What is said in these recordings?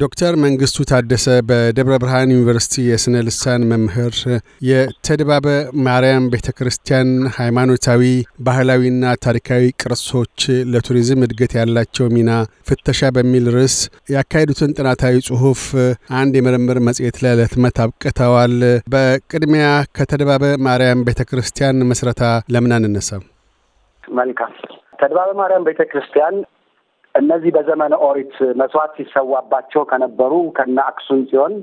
ዶክተር መንግስቱ ታደሰ በደብረ ብርሃን ዩኒቨርሲቲ የሥነ ልሳን መምህር፣ የተድባበ ማርያም ቤተ ክርስቲያን ሃይማኖታዊ ባህላዊና ታሪካዊ ቅርሶች ለቱሪዝም እድገት ያላቸው ሚና ፍተሻ በሚል ርዕስ ያካሄዱትን ጥናታዊ ጽሑፍ አንድ የምርምር መጽሔት ላይ ለህትመት አብቅተዋል። በቅድሚያ ከተድባበ ማርያም ቤተ ክርስቲያን መስረታ ለምን አንነሳም? መልካም ተድባበ ማርያም ቤተ ክርስቲያን እነዚህ በዘመነ ኦሪት መስዋዕት ሲሰዋባቸው ከነበሩ ከነ አክሱም ጽዮን፣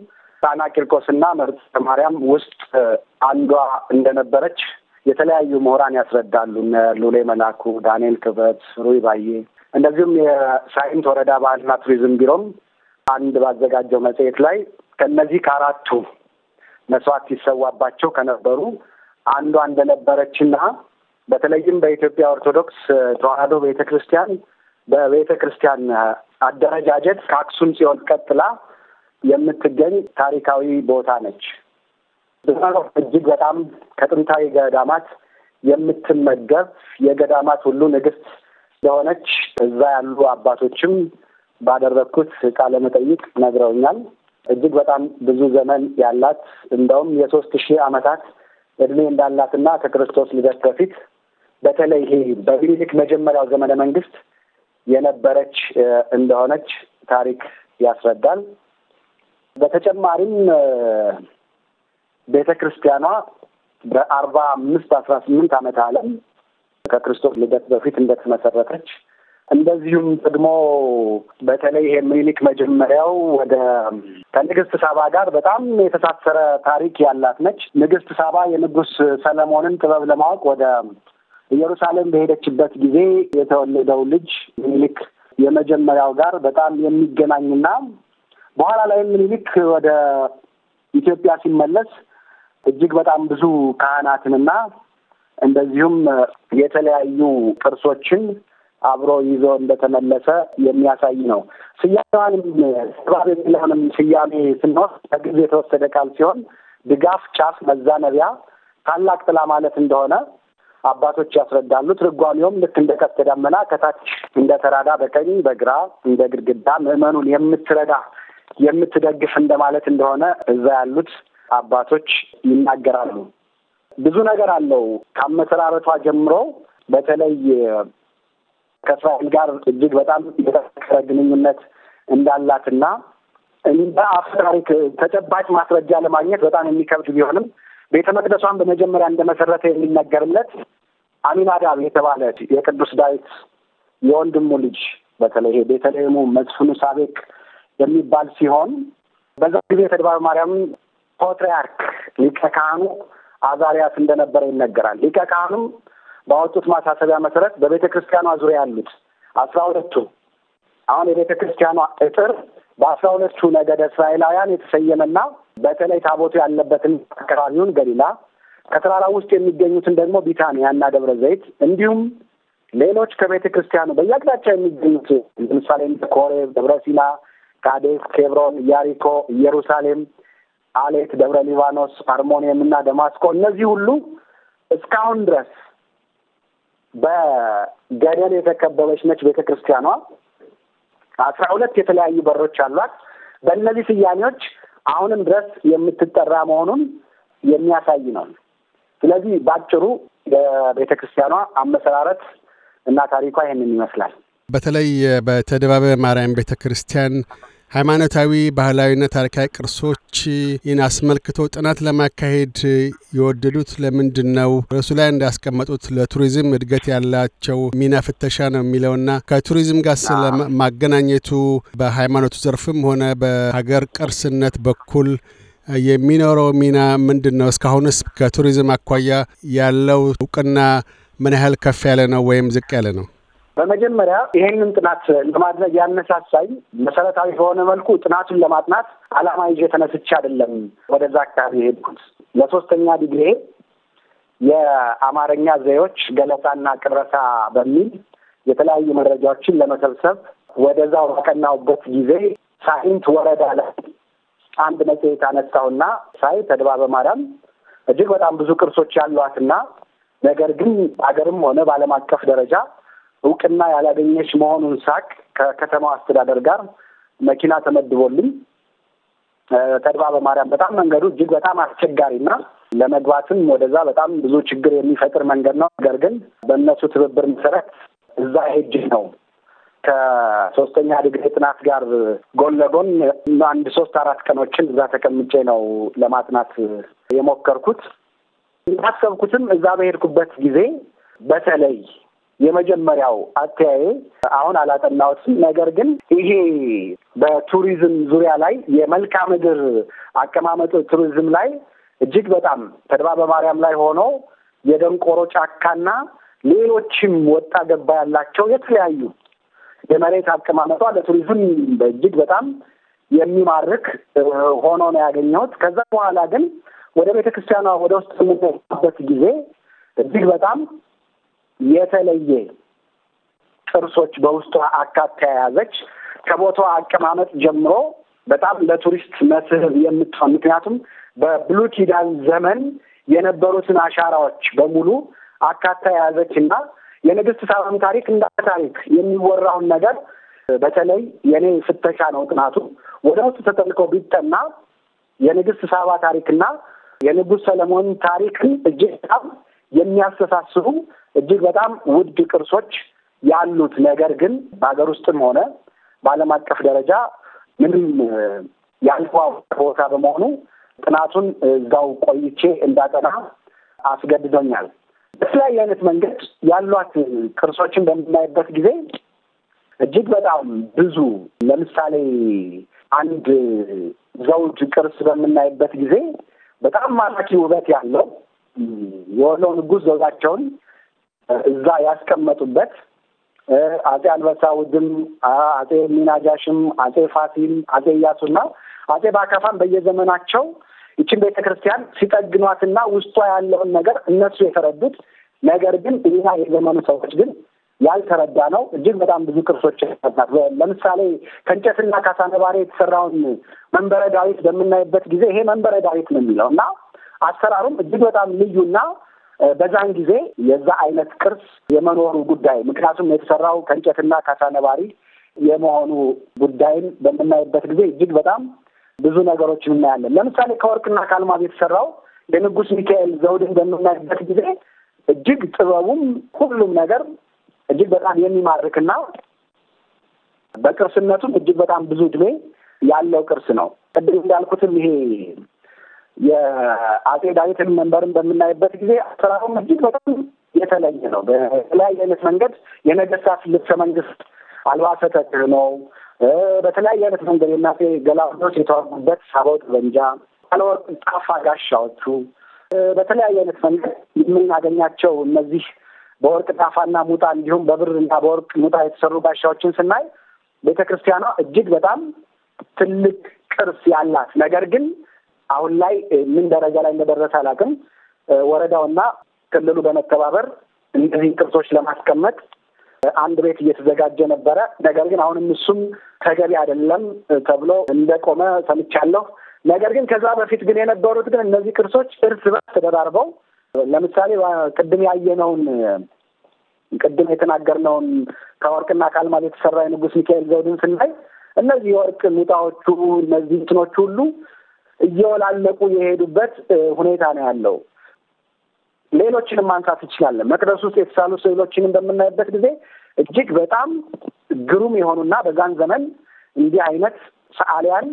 ጣና ቂርቆስና መርጦ ማርያም ውስጥ አንዷ እንደነበረች የተለያዩ ምሁራን ያስረዳሉ። እነ ሉሌ መላኩ፣ ዳንኤል ክበት፣ ሩይ ባዬ እንደዚሁም የሳይንት ወረዳ ባህልና ቱሪዝም ቢሮም አንድ ባዘጋጀው መጽሔት ላይ ከእነዚህ ከአራቱ መስዋዕት ሲሰዋባቸው ከነበሩ አንዷ እንደነበረችና በተለይም በኢትዮጵያ ኦርቶዶክስ ተዋህዶ ቤተ ክርስቲያን በቤተ ክርስቲያን አደረጃጀት ከአክሱም ጽዮን ቀጥላ የምትገኝ ታሪካዊ ቦታ ነች። እጅግ በጣም ከጥንታዊ ገዳማት የምትመገብ የገዳማት ሁሉ ንግስት የሆነች እዛ ያሉ አባቶችም ባደረግኩት ቃለ መጠይቅ ነግረውኛል። እጅግ በጣም ብዙ ዘመን ያላት እንደውም የሶስት ሺህ ዓመታት እድሜ እንዳላትና ከክርስቶስ ልደት በፊት በተለይ ይሄ በሚኒሊክ መጀመሪያው ዘመነ መንግስት የነበረች እንደሆነች ታሪክ ያስረዳል። በተጨማሪም ቤተ ክርስቲያኗ በአርባ አምስት አስራ ስምንት ዓመተ ዓለም ከክርስቶስ ልደት በፊት እንደተመሰረተች እንደዚሁም ደግሞ በተለይ ይሄ ምኒልክ መጀመሪያው ወደ ከንግስት ሳባ ጋር በጣም የተሳሰረ ታሪክ ያላት ነች። ንግስት ሳባ የንጉስ ሰለሞንን ጥበብ ለማወቅ ወደ ኢየሩሳሌም በሄደችበት ጊዜ የተወለደው ልጅ ምኒልክ የመጀመሪያው ጋር በጣም የሚገናኝና በኋላ ላይ ምኒልክ ወደ ኢትዮጵያ ሲመለስ እጅግ በጣም ብዙ ካህናትንና እንደዚሁም የተለያዩ ቅርሶችን አብሮ ይዞ እንደተመለሰ የሚያሳይ ነው። ስያሜዋንም እባብ የሚለውንም ስያሜ ስንወስድ ከግዕዝ የተወሰደ ቃል ሲሆን ድጋፍ፣ ጫፍ፣ መዛነቢያ፣ ታላቅ ጥላ ማለት እንደሆነ አባቶች ያስረዳሉ። ትርጓሜውም ልክ እንደ ቀስተ ደመና ከታች እንደ ተራዳ በቀኝ በግራ እንደ ግድግዳ ምዕመኑን የምትረዳ የምትደግፍ እንደማለት እንደሆነ እዛ ያሉት አባቶች ይናገራሉ። ብዙ ነገር አለው ከአመሰራረቷ ጀምሮ በተለይ ከእስራኤል ጋር እጅግ በጣም የተጠከረ ግንኙነት እንዳላትና እንደ አፈ ተጨባጭ ማስረጃ ለማግኘት በጣም የሚከብድ ቢሆንም ቤተ መቅደሷን በመጀመሪያ እንደመሰረተ የሚነገርለት አሚናዳብ የተባለ የቅዱስ ዳዊት የወንድሙ ልጅ በተለይ ቤተልሔሙ መዝፍኑ ሳቤቅ የሚባል ሲሆን በዛ ጊዜ ተድባበ ማርያም ፓትርያርክ ሊቀ ካህኑ አዛሪያስ እንደነበረ ይነገራል። ሊቀ ካህኑም ባወጡት ማሳሰቢያ መሰረት በቤተ ክርስቲያኗ ዙሪያ ያሉት አስራ ሁለቱ አሁን የቤተ ክርስቲያኗ እጥር በአስራ ሁለቱ ነገደ እስራኤላውያን የተሰየመና በተለይ ታቦቱ ያለበትን አካባቢውን ገሊላ ከተራራ ውስጥ የሚገኙትን ደግሞ ቢታንያ እና ደብረ ዘይት እንዲሁም ሌሎች ከቤተ ክርስቲያኑ በየአቅጣጫ የሚገኙት ለምሳሌ ኮሬብ፣ ደብረ ሲና፣ ካዴስ፣ ኬብሮን፣ ኢያሪኮ፣ ኢየሩሳሌም፣ አሌት፣ ደብረ ሊባኖስ፣ አርሞኒየም እና ደማስቆ እነዚህ ሁሉ እስካሁን ድረስ በገደል የተከበበች ነች ቤተ ክርስቲያኗ። አስራ ሁለት የተለያዩ በሮች አሏት። በእነዚህ ስያሜዎች አሁንም ድረስ የምትጠራ መሆኑን የሚያሳይ ነው። ስለዚህ በአጭሩ የቤተ ክርስቲያኗ አመሰራረት እና ታሪኳ ይህንን ይመስላል። በተለይ በተደባበ ማርያም ቤተ ክርስቲያን ሃይማኖታዊ፣ ባህላዊና ታሪካዊ ቅርሶችን አስመልክቶ ጥናት ለማካሄድ የወደዱት ለምንድን ነው? እርሱ ላይ እንዳስቀመጡት ለቱሪዝም እድገት ያላቸው ሚና ፍተሻ ነው የሚለውና ከቱሪዝም ጋር ስለማገናኘቱ በሃይማኖቱ ዘርፍም ሆነ በሀገር ቅርስነት በኩል የሚኖረው ሚና ምንድን ነው? እስካሁንስ ከቱሪዝም አኳያ ያለው እውቅና ምን ያህል ከፍ ያለ ነው ወይም ዝቅ ያለ ነው? በመጀመሪያ ይሄንን ጥናት ለማድረግ ያነሳሳኝ መሰረታዊ በሆነ መልኩ ጥናቱን ለማጥናት አላማ ይዤ ተነስቼ አይደለም ወደዛ አካባቢ የሄድኩት። ለሶስተኛ ዲግሪ የአማርኛ ዘዎች ገለጻና ቅረሳ በሚል የተለያዩ መረጃዎችን ለመሰብሰብ ወደዛው ባቀናውበት ጊዜ ሳይንት ወረዳ ላይ አንድ መጽሔት አነሳሁና ሳይ ተድባበ ማርያም እጅግ በጣም ብዙ ቅርሶች ያሏትና ነገር ግን ሀገርም ሆነ በዓለም አቀፍ ደረጃ እውቅና ያላገኘች መሆኑን ሳቅ ከከተማው አስተዳደር ጋር መኪና ተመድቦልኝ ተድባበ ማርያም በጣም መንገዱ እጅግ በጣም አስቸጋሪና ለመግባትም ወደዛ በጣም ብዙ ችግር የሚፈጥር መንገድ ነው። ነገር ግን በእነሱ ትብብር መሰረት እዛ ሄጅ ነው ከሶስተኛ ዲግሪ ጥናት ጋር ጎን ለጎን አንድ ሶስት አራት ቀኖችን እዛ ተቀምጬ ነው ለማጥናት የሞከርኩት። እንዳሰብኩትም እዛ በሄድኩበት ጊዜ በተለይ የመጀመሪያው አተያዬ አሁን አላጠናሁትም፣ ነገር ግን ይሄ በቱሪዝም ዙሪያ ላይ የመልክዓ ምድር አቀማመጥ ቱሪዝም ላይ እጅግ በጣም ተድባበ ማርያም ላይ ሆኖ የደንቆሮ ጫካና ሌሎችም ወጣ ገባ ያላቸው የተለያዩ የመሬት አቀማመጧ ለቱሪዝም እጅግ በጣም የሚማርክ ሆኖ ነው ያገኘሁት። ከዛ በኋላ ግን ወደ ቤተ ክርስቲያኗ ወደ ውስጥ የምንበት ጊዜ እጅግ በጣም የተለየ ቅርሶች በውስጧ አካታ የያዘች ከቦታዋ አቀማመጥ ጀምሮ በጣም ለቱሪስት መስህብ የምትሆን ምክንያቱም በብሉይ ኪዳን ዘመን የነበሩትን አሻራዎች በሙሉ አካታ የያዘች እና የንግስት ሳባም ታሪክ እንደ ታሪክ የሚወራውን ነገር በተለይ የኔ ፍተሻ ነው ጥናቱ ወደ ውስጥ ተጠልቀው ቢጠና የንግስት ሳባ ታሪክና የንጉስ ሰለሞን ታሪክን እጅግ በጣም የሚያስተሳስሩ እጅግ በጣም ውድ ቅርሶች ያሉት ነገር ግን በሀገር ውስጥም ሆነ በዓለም አቀፍ ደረጃ ምንም ያልተዋወቀ ቦታ በመሆኑ ጥናቱን እዛው ቆይቼ እንዳጠና አስገድዶኛል። በተለያየ አይነት መንገድ ያሏት ቅርሶችን በምናይበት ጊዜ እጅግ በጣም ብዙ ለምሳሌ አንድ ዘውድ ቅርስ በምናይበት ጊዜ በጣም ማራኪ ውበት ያለው የወሎ ንጉሥ ዘውዳቸውን እዛ ያስቀመጡበት አጼ አንበሳ ውድም፣ አጼ ሚናጃሽም፣ አጼ ፋሲል፣ አጼ እያሱና አጼ ባካፋም በየዘመናቸው ይችን ቤተክርስቲያን ሲጠግኗትና ውስጧ ያለውን ነገር እነሱ የተረዱት ነገር ግን እኛ የዘመኑ ሰዎች ግን ያልተረዳ ነው። እጅግ በጣም ብዙ ቅርሶች ናት። ለምሳሌ ከእንጨትና ከሳነባሪ የተሰራውን መንበረ ዳዊት በምናይበት ጊዜ ይሄ መንበረ ዳዊት ነው የሚለው እና አሰራሩም እጅግ በጣም ልዩና በዛን ጊዜ የዛ አይነት ቅርስ የመኖሩ ጉዳይ ምክንያቱም የተሰራው ከእንጨትና ከሳነባሪ የመሆኑ ጉዳይን በምናይበት ጊዜ እጅግ በጣም ብዙ ነገሮችን እናያለን። ለምሳሌ ከወርቅና ከአልማዝ የተሰራው የንጉስ ሚካኤል ዘውድን በምናይበት ጊዜ እጅግ ጥበቡም ሁሉም ነገር እጅግ በጣም የሚማርክና በቅርስነቱም እጅግ በጣም ብዙ ዕድሜ ያለው ቅርስ ነው። ቅድም እንዳልኩትም ይሄ የአጼ ዳዊትን መንበርን በምናይበት ጊዜ አሰራሩም እጅግ በጣም የተለየ ነው። በተለያየ አይነት መንገድ የነገስታት ልብሰ መንግስት አልባሰ ነው። በተለያየ አይነት መንገድ የእናቴ ገላውዴዎስ የተዋጉበት ሳባው ጠበንጃ፣ አለወርቅ ጣፋ ጋሻዎቹ በተለያየ አይነት መንገድ የምናገኛቸው እነዚህ በወርቅ ጣፋና ሙጣ እንዲሁም በብርና በወርቅ ሙጣ የተሰሩ ጋሻዎችን ስናይ ቤተ ክርስቲያኗ እጅግ በጣም ትልቅ ቅርስ ያላት ነገር ግን አሁን ላይ ምን ደረጃ ላይ እንደደረሰ አላውቅም። ወረዳውና ክልሉ በመተባበር እነዚህን ቅርሶች ለማስቀመጥ አንድ ቤት እየተዘጋጀ ነበረ። ነገር ግን አሁንም እሱም ተገቢ አይደለም ተብሎ እንደቆመ ሰምቻለሁ። ነገር ግን ከዛ በፊት ግን የነበሩት ግን እነዚህ ቅርሶች እርስ በርስ ተደራርበው ለምሳሌ ቅድም ያየነውን ቅድም የተናገርነውን ከወርቅና ከአልማዝ የተሰራ የንጉስ ሚካኤል ዘውድን ስናይ እነዚህ የወርቅ ሙጣዎቹ እነዚህ እንትኖች ሁሉ እየወላለቁ የሄዱበት ሁኔታ ነው ያለው። ሌሎችንም ማንሳት ይችላለን። መቅደስ ውስጥ የተሳሉ ስዕሎችን በምናይበት ጊዜ እጅግ በጣም ግሩም የሆኑና በዛን ዘመን እንዲህ አይነት ሰዓሊያን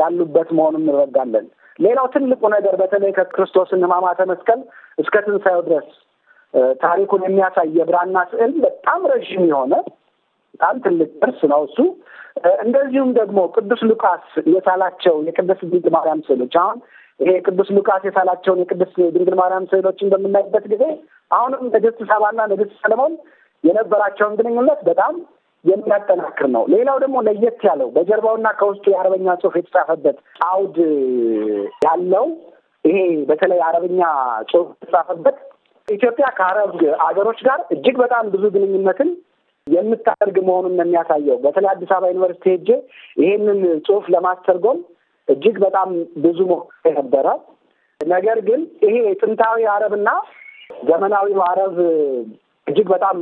ያሉበት መሆኑን እንረዳለን። ሌላው ትልቁ ነገር በተለይ ከክርስቶስን ሕማማተ መስቀል እስከ ትንሣኤው ድረስ ታሪኩን የሚያሳይ የብራና ስዕል በጣም ረዥም የሆነ በጣም ትልቅ ቅርስ ነው እሱ። እንደዚሁም ደግሞ ቅዱስ ሉቃስ የሳላቸው የቅድስት ድንግል ማርያም ስዕሎች አሁን ይሄ ቅዱስ ሉቃስ የሳላቸውን የቅድስት ድንግል ማርያም ስዕሎችን በምናይበት ጊዜ አሁንም ንግሥት ሳባና ንግሥት ሰለሞን የነበራቸውን ግንኙነት በጣም የሚያጠናክር ነው። ሌላው ደግሞ ለየት ያለው በጀርባውና ከውስጡ የአረበኛ ጽሁፍ የተጻፈበት አውድ ያለው ይሄ በተለይ አረበኛ ጽሁፍ የተጻፈበት ኢትዮጵያ ከአረብ አገሮች ጋር እጅግ በጣም ብዙ ግንኙነትን የምታደርግ መሆኑን ነው የሚያሳየው። በተለይ አዲስ አበባ ዩኒቨርሲቲ ሄጄ ይሄንን ጽሁፍ ለማስተርጎም እጅግ በጣም ብዙ ሞክሬ ነበረ። ነገር ግን ይሄ ጥንታዊ አረብና ዘመናዊ አረብ እጅግ በጣም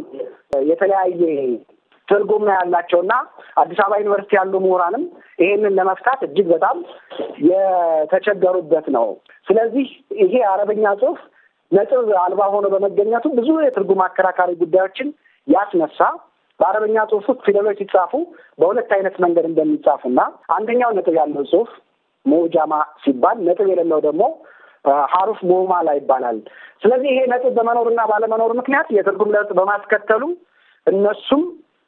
የተለያየ ትርጉም ነው ያላቸው እና አዲስ አበባ ዩኒቨርሲቲ ያሉ ምሁራንም ይሄንን ለመፍታት እጅግ በጣም የተቸገሩበት ነው። ስለዚህ ይሄ አረበኛ ጽሁፍ ነጥብ አልባ ሆኖ በመገኘቱ ብዙ የትርጉም አከራካሪ ጉዳዮችን ያስነሳ። በአረበኛ ጽሁፍ ውስጥ ፊደሎች ሲጻፉ በሁለት አይነት መንገድ እንደሚጻፉ እና አንደኛው ነጥብ ያለው ጽሁፍ ሞጃማ ሲባል፣ ነጥብ የሌለው ደግሞ ሀሩፍ ሞማላ ይባላል። ስለዚህ ይሄ ነጥብ በመኖርና ባለመኖር ምክንያት የትርጉም ለውጥ በማስከተሉ እነሱም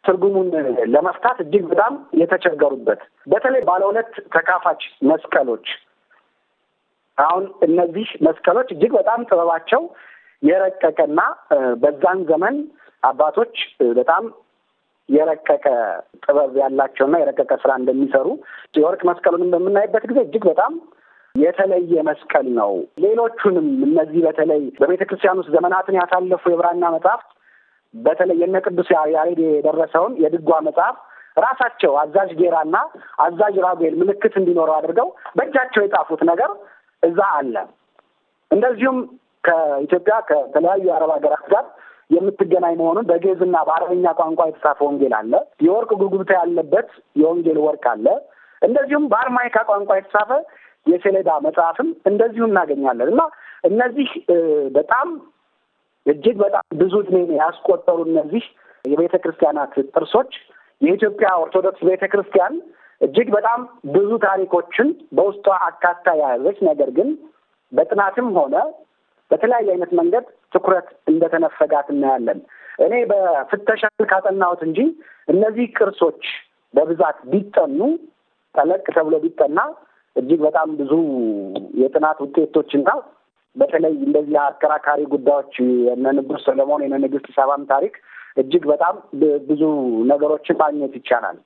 ትርጉሙን ለመፍታት እጅግ በጣም የተቸገሩበት በተለይ ባለ ሁለት ተካፋች መስቀሎች አሁን እነዚህ መስቀሎች እጅግ በጣም ጥበባቸው የረቀቀና በዛን ዘመን አባቶች በጣም የረቀቀ ጥበብ ያላቸውና የረቀቀ ስራ እንደሚሰሩ የወርቅ መስቀሉንም በምናይበት ጊዜ እጅግ በጣም የተለየ መስቀል ነው። ሌሎቹንም እነዚህ በተለይ በቤተ ክርስቲያን ውስጥ ዘመናትን ያሳለፉ የብራና መጽሐፍት በተለይ የነ ቅዱስ ያሬድ የደረሰውን የድጓ መጽሐፍ ራሳቸው አዛዥ ጌራና አዛዥ ራጉኤል ምልክት እንዲኖረው አድርገው በእጃቸው የጻፉት ነገር እዛ አለ። እንደዚሁም ከኢትዮጵያ ከተለያዩ የአረብ ሀገራት ጋር የምትገናኝ መሆኑን በግዕዝና በአረብኛ ቋንቋ የተጻፈ ወንጌል አለ። የወርቅ ጉጉብታ ያለበት የወንጌል ወርቅ አለ። እንደዚሁም በአርማይካ ቋንቋ የተጻፈ የሰሌዳ መጽሐፍም እንደዚሁ እናገኛለን እና እነዚህ በጣም እጅግ በጣም ብዙ ዕድሜ ያስቆጠሩ እነዚህ የቤተ ክርስቲያናት ጥርሶች የኢትዮጵያ ኦርቶዶክስ ቤተ ክርስቲያን እጅግ በጣም ብዙ ታሪኮችን በውስጧ አካታ የያዘች ነገር ግን በጥናትም ሆነ በተለያየ አይነት መንገድ ትኩረት እንደተነፈጋት እናያለን። እኔ በፍተሻል ካጠናሁት እንጂ እነዚህ ቅርሶች በብዛት ቢጠኑ ጠለቅ ተብሎ ቢጠና እጅግ በጣም ብዙ የጥናት ውጤቶችና በተለይ እንደዚህ አከራካሪ ጉዳዮች የነ ሰለሞን የነ ንግሥት ሳባም ታሪክ እጅግ በጣም ብዙ ነገሮችን ማግኘት ይቻላል።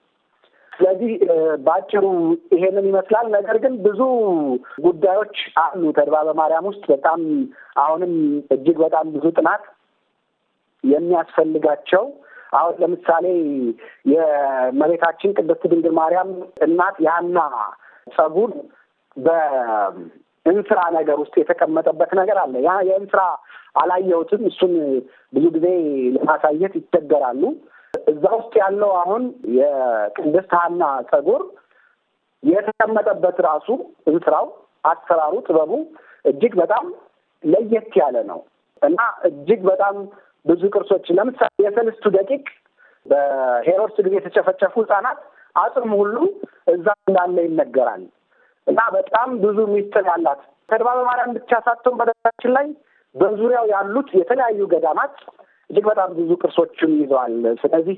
ስለዚህ በአጭሩ ይሄንን ይመስላል። ነገር ግን ብዙ ጉዳዮች አሉ ተድባበ ማርያም ውስጥ በጣም አሁንም እጅግ በጣም ብዙ ጥናት የሚያስፈልጋቸው አሁን ለምሳሌ የመሬታችን ቅድስት ድንግል ማርያም እናት ያና ጸጉር በእንስራ ነገር ውስጥ የተቀመጠበት ነገር አለ። ያ የእንስራ አላየሁትም። እሱን ብዙ ጊዜ ለማሳየት ይቸገራሉ። እዛ ውስጥ ያለው አሁን የቅድስት ሐና ጸጉር የተቀመጠበት ራሱ እንስራው፣ አሰራሩ፣ ጥበቡ እጅግ በጣም ለየት ያለ ነው እና እጅግ በጣም ብዙ ቅርሶች ለምሳሌ የሰልስቱ ደቂቅ በሄሮድስ ጊዜ የተጨፈጨፉ ህጻናት አጽም ሁሉ እዛ እንዳለ ይነገራል እና በጣም ብዙ ሚስጥር ያላት ተድባ በማርያም ብቻ ሳትሆን በደራችን ላይ በዙሪያው ያሉት የተለያዩ ገዳማት እጅግ በጣም ብዙ ቅርሶችም ይዘዋል። ስለዚህ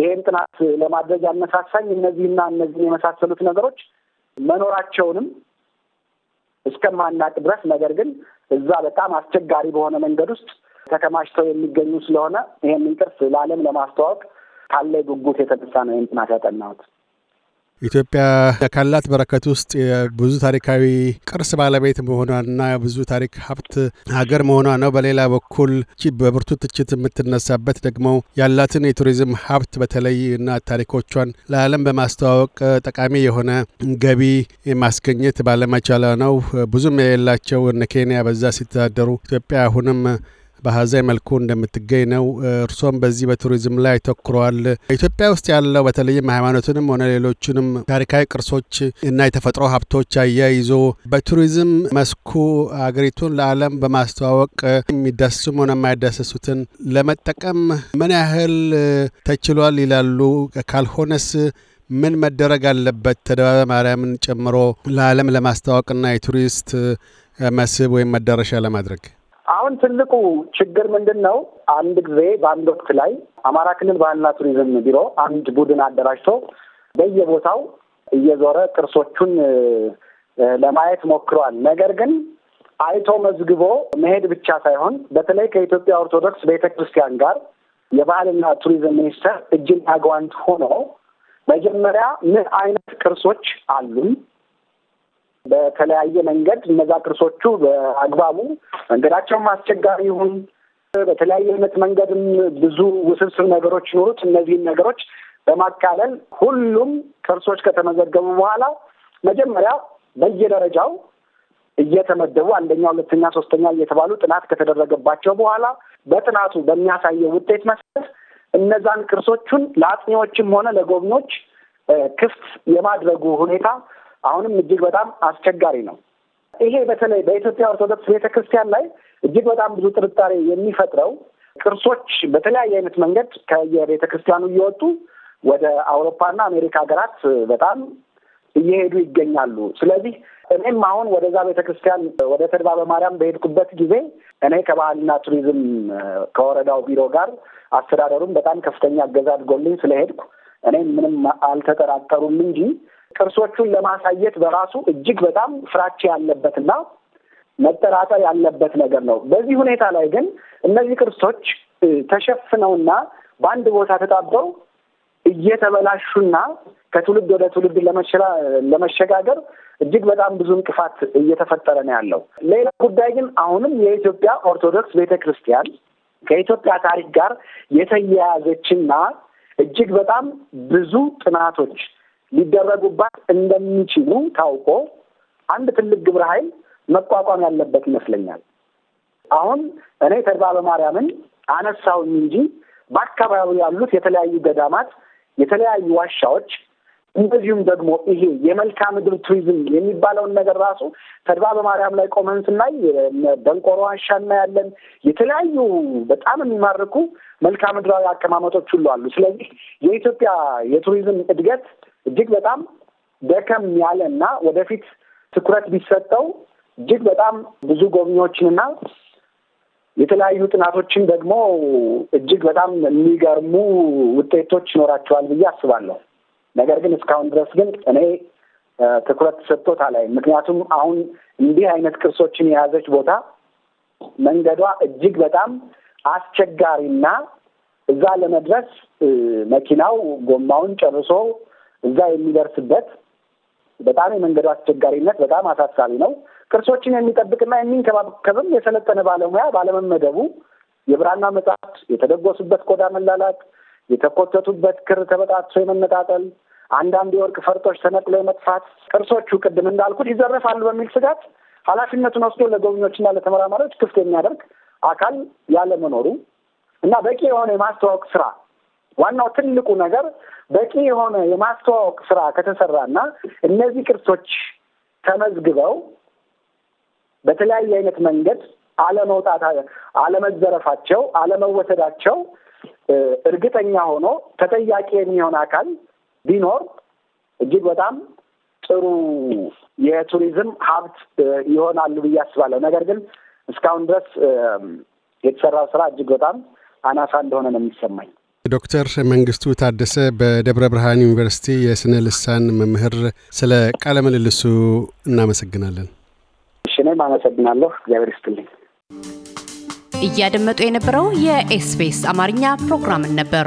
ይሄን ጥናት ለማድረግ ያነሳሳኝ እነዚህና እነዚህን የመሳሰሉት ነገሮች መኖራቸውንም እስከማናቅ ድረስ ነገር ግን እዛ በጣም አስቸጋሪ በሆነ መንገድ ውስጥ ተከማችተው የሚገኙ ስለሆነ ይህንን ቅርስ ለዓለም ለማስተዋወቅ ካለ ጉጉት የተነሳ ነው ይህን ጥናት ያጠናሁት። ኢትዮጵያ ካላት በረከት ውስጥ ብዙ ታሪካዊ ቅርስ ባለቤት መሆኗና ብዙ ታሪክ ሀብት ሀገር መሆኗ ነው። በሌላ በኩል በብርቱ ትችት የምትነሳበት ደግሞ ያላትን የቱሪዝም ሀብት በተለይ እና ታሪኮቿን ለዓለም በማስተዋወቅ ጠቃሚ የሆነ ገቢ ማስገኘት ባለመቻለ ነው። ብዙም የሌላቸው እነ ኬንያ በዛ ሲተዳደሩ ኢትዮጵያ አሁንም በአሃዛዊ መልኩ እንደምትገኝ ነው። እርሶም በዚህ በቱሪዝም ላይ ተኩረዋል። ኢትዮጵያ ውስጥ ያለው በተለይም ሃይማኖትንም ሆነ ሌሎችንም ታሪካዊ ቅርሶች እና የተፈጥሮ ሀብቶች አያይዞ በቱሪዝም መስኩ አገሪቱን ለዓለም በማስተዋወቅ የሚዳስሱም ሆነ የማይዳሰሱትን ለመጠቀም ምን ያህል ተችሏል ይላሉ? ካልሆነስ ምን መደረግ አለበት? ተደባበ ማርያምን ጨምሮ ለዓለም ለማስተዋወቅና የቱሪስት መስህብ ወይም መዳረሻ ለማድረግ አሁን ትልቁ ችግር ምንድን ነው? አንድ ጊዜ በአንድ ወቅት ላይ አማራ ክልል ባህልና ቱሪዝም ቢሮ አንድ ቡድን አደራጅቶ በየቦታው እየዞረ ቅርሶቹን ለማየት ሞክሯል። ነገር ግን አይቶ መዝግቦ መሄድ ብቻ ሳይሆን በተለይ ከኢትዮጵያ ኦርቶዶክስ ቤተ ክርስቲያን ጋር የባህልና ቱሪዝም ሚኒስቴር እጅና ጓንት ሆኖ መጀመሪያ ምን አይነት ቅርሶች አሉን በተለያየ መንገድ እነዛ ቅርሶቹ በአግባቡ መንገዳቸውም አስቸጋሪ ይሁን በተለያየ አይነት መንገድም ብዙ ውስብስብ ነገሮች ይኖሩት እነዚህን ነገሮች በማቃለል ሁሉም ቅርሶች ከተመዘገቡ በኋላ መጀመሪያ በየደረጃው እየተመደቡ አንደኛ፣ ሁለተኛ፣ ሶስተኛ እየተባሉ ጥናት ከተደረገባቸው በኋላ በጥናቱ በሚያሳየው ውጤት መሰረት እነዛን ቅርሶቹን ለአጥኚዎችም ሆነ ለጎብኞች ክፍት የማድረጉ ሁኔታ አሁንም እጅግ በጣም አስቸጋሪ ነው። ይሄ በተለይ በኢትዮጵያ ኦርቶዶክስ ቤተ ክርስቲያን ላይ እጅግ በጣም ብዙ ጥርጣሬ የሚፈጥረው ቅርሶች በተለያየ አይነት መንገድ ከየቤተ ክርስቲያኑ እየወጡ ወደ አውሮፓና አሜሪካ ሀገራት በጣም እየሄዱ ይገኛሉ። ስለዚህ እኔም አሁን ወደዛ ቤተ ክርስቲያን ወደ ተድባበ ማርያም በሄድኩበት ጊዜ እኔ ከባህልና ቱሪዝም ከወረዳው ቢሮ ጋር አስተዳደሩም በጣም ከፍተኛ እገዛ አድርጎልኝ ስለሄድኩ እኔም ምንም አልተጠራጠሩም እንጂ ቅርሶቹን ለማሳየት በራሱ እጅግ በጣም ፍራቻ ያለበትና መጠራጠር ያለበት ነገር ነው። በዚህ ሁኔታ ላይ ግን እነዚህ ቅርሶች ተሸፍነውና በአንድ ቦታ ተጣበው እየተበላሹና ከትውልድ ወደ ትውልድ ለመሸጋገር እጅግ በጣም ብዙ እንቅፋት እየተፈጠረ ነው ያለው። ሌላ ጉዳይ ግን አሁንም የኢትዮጵያ ኦርቶዶክስ ቤተ ክርስቲያን ከኢትዮጵያ ታሪክ ጋር የተያያዘችና እጅግ በጣም ብዙ ጥናቶች ሊደረጉባት እንደሚችሉ ታውቆ አንድ ትልቅ ግብረ ኃይል መቋቋም ያለበት ይመስለኛል። አሁን እኔ ተድባበ ማርያምን አነሳሁኝ እንጂ በአካባቢው ያሉት የተለያዩ ገዳማት፣ የተለያዩ ዋሻዎች እንደዚሁም ደግሞ ይሄ የመልክዓ ምድር ቱሪዝም የሚባለውን ነገር ራሱ ተድባበ ማርያም ላይ ቆመን ስናይ ደንቆሮ ዋሻ እናያለን። የተለያዩ በጣም የሚማርኩ መልክዓ ምድራዊ አቀማመጦች ሁሉ አሉ። ስለዚህ የኢትዮጵያ የቱሪዝም እድገት እጅግ በጣም ደከም ያለ እና ወደፊት ትኩረት ቢሰጠው እጅግ በጣም ብዙ ጎብኚዎችንና የተለያዩ ጥናቶችን ደግሞ እጅግ በጣም የሚገርሙ ውጤቶች ይኖራቸዋል ብዬ አስባለሁ። ነገር ግን እስካሁን ድረስ ግን እኔ ትኩረት ሰጥቶታ ላይ ምክንያቱም አሁን እንዲህ አይነት ቅርሶችን የያዘች ቦታ መንገዷ እጅግ በጣም አስቸጋሪና እዛ ለመድረስ መኪናው ጎማውን ጨርሶ እዛ የሚደርስበት በጣም የመንገዱ አስቸጋሪነት በጣም አሳሳቢ ነው። ቅርሶችን የሚጠብቅና የሚንከባከብም የሰለጠነ ባለሙያ ባለመመደቡ የብራና መጽሐፍት፣ የተደጎሱበት ቆዳ መላላት፣ የተኮተቱበት ክር ተበጣቶ የመነጣጠል፣ አንዳንድ የወርቅ ፈርጦች ተነቅሎ የመጥፋት ቅርሶቹ ቅድም እንዳልኩት ይዘረፋሉ በሚል ስጋት ኃላፊነቱን ወስዶ ለጎብኚዎችና ለተመራማሪዎች ክፍት የሚያደርግ አካል ያለመኖሩ እና በቂ የሆነ የማስተዋወቅ ስራ ዋናው ትልቁ ነገር በቂ የሆነ የማስተዋወቅ ስራ ከተሰራና እነዚህ ቅርሶች ተመዝግበው በተለያየ አይነት መንገድ አለመውጣት፣ አለመዘረፋቸው፣ አለመወሰዳቸው እርግጠኛ ሆኖ ተጠያቂ የሚሆን አካል ቢኖር እጅግ በጣም ጥሩ የቱሪዝም ሀብት ይሆናሉ ብዬ አስባለሁ። ነገር ግን እስካሁን ድረስ የተሰራው ስራ እጅግ በጣም አናሳ እንደሆነ ነው የሚሰማኝ። ዶክተር መንግስቱ ታደሰ በደብረ ብርሃን ዩኒቨርሲቲ የስነ ልሳን መምህር፣ ስለ ቃለ ምልልሱ እናመሰግናለን። እኔም አመሰግናለሁ። እግዚአብሔር ይስጥልኝ። እያደመጡ የነበረው የኤስቢኤስ አማርኛ ፕሮግራምን ነበር።